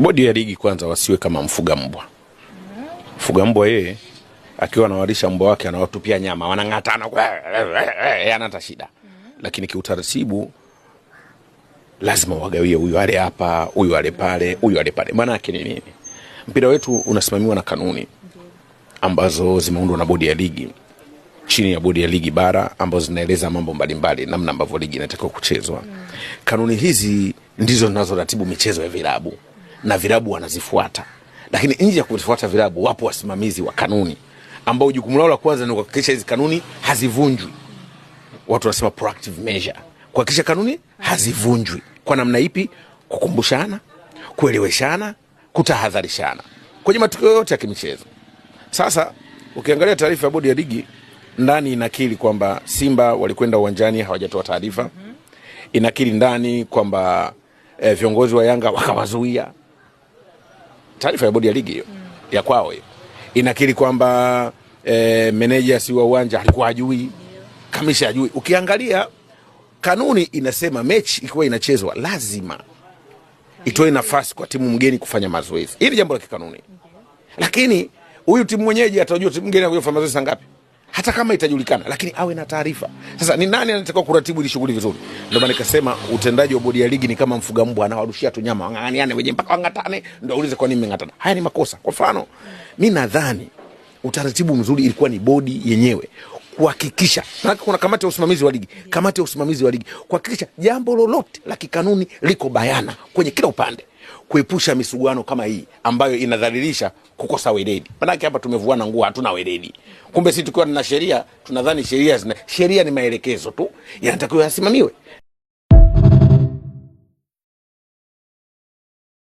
Bodi ya ligi kwanza wasiwe kama mfuga mbwa. Mfuga mbwa yeye akiwa anawalisha mbwa wake anawatupia nyama, wanang'atana, hana eh, eh, hata shida, lakini kiutaratibu lazima wagawie, huyu ale hapa, huyu ale pale, huyu ale pale. Maana yake ni nini? Mpira wetu unasimamiwa na kanuni ambazo zimeundwa na bodi ya ligi chini ya bodi ya ligi bara ambazo zinaeleza mambo mbalimbali, namna ambavyo ligi inatakiwa kuchezwa. Kanuni hizi ndizo zinazoratibu michezo ya vilabu na vilabu wanazifuata, lakini nje ya kuzifuata vilabu, wapo wasimamizi wa kanuni ambao jukumu lao la kwanza ni kuhakikisha hizi kanuni hazivunjwi. Watu wanasema proactive measure, kuhakikisha kanuni hazivunjwi. Kwa namna ipi? Kukumbushana, kueleweshana, kutahadharishana kwenye matukio yote ya kimichezo. Sasa ukiangalia taarifa ya bodi ya ligi ndani inakiri kwamba Simba walikwenda uwanjani hawajatoa taarifa. Mhm. Inakiri ndani kwamba eh, viongozi wa Yanga wakawazuia taarifa ya bodi ya ligi hiyo mm. ya kwao hiyo inakiri kwamba e, meneja si wa uwanja alikuwa hajui, kamisha hajui. Ukiangalia kanuni inasema mechi ikiwa inachezwa lazima itoe nafasi kwa timu mgeni kufanya mazoezi. Hili jambo la kikanuni, lakini huyu timu mwenyeji atajua timu mgeni anakuja mazoezi saa ngapi? hata kama itajulikana, lakini awe na taarifa. Sasa ni nani anatakiwa kuratibu ili shughuli vizuri? Ndio maana nikasema utendaji wa bodi ya ligi ni kama mfuga mbwa, anawarushia tu nyama, wang'ang'aniane wenyewe mpaka wangatane, ndio aulize kwa nini mmengatana. Haya ni makosa. Kwa mfano, mi nadhani utaratibu mzuri ilikuwa ni bodi yenyewe kuhakikisha, maanake kuna kamati ya usimamizi wa ligi, kamati ya usimamizi wa ligi kuhakikisha jambo lolote la kikanuni liko bayana kwenye kila upande, kuepusha misuguano kama hii ambayo inadhalilisha kukosa weledi. Maanake hapa tumevuana nguo, hatuna weledi. Kumbe si tukiwa na sheria tunadhani sheria sheria, ni maelekezo tu yanatakiwa yasimamiwe.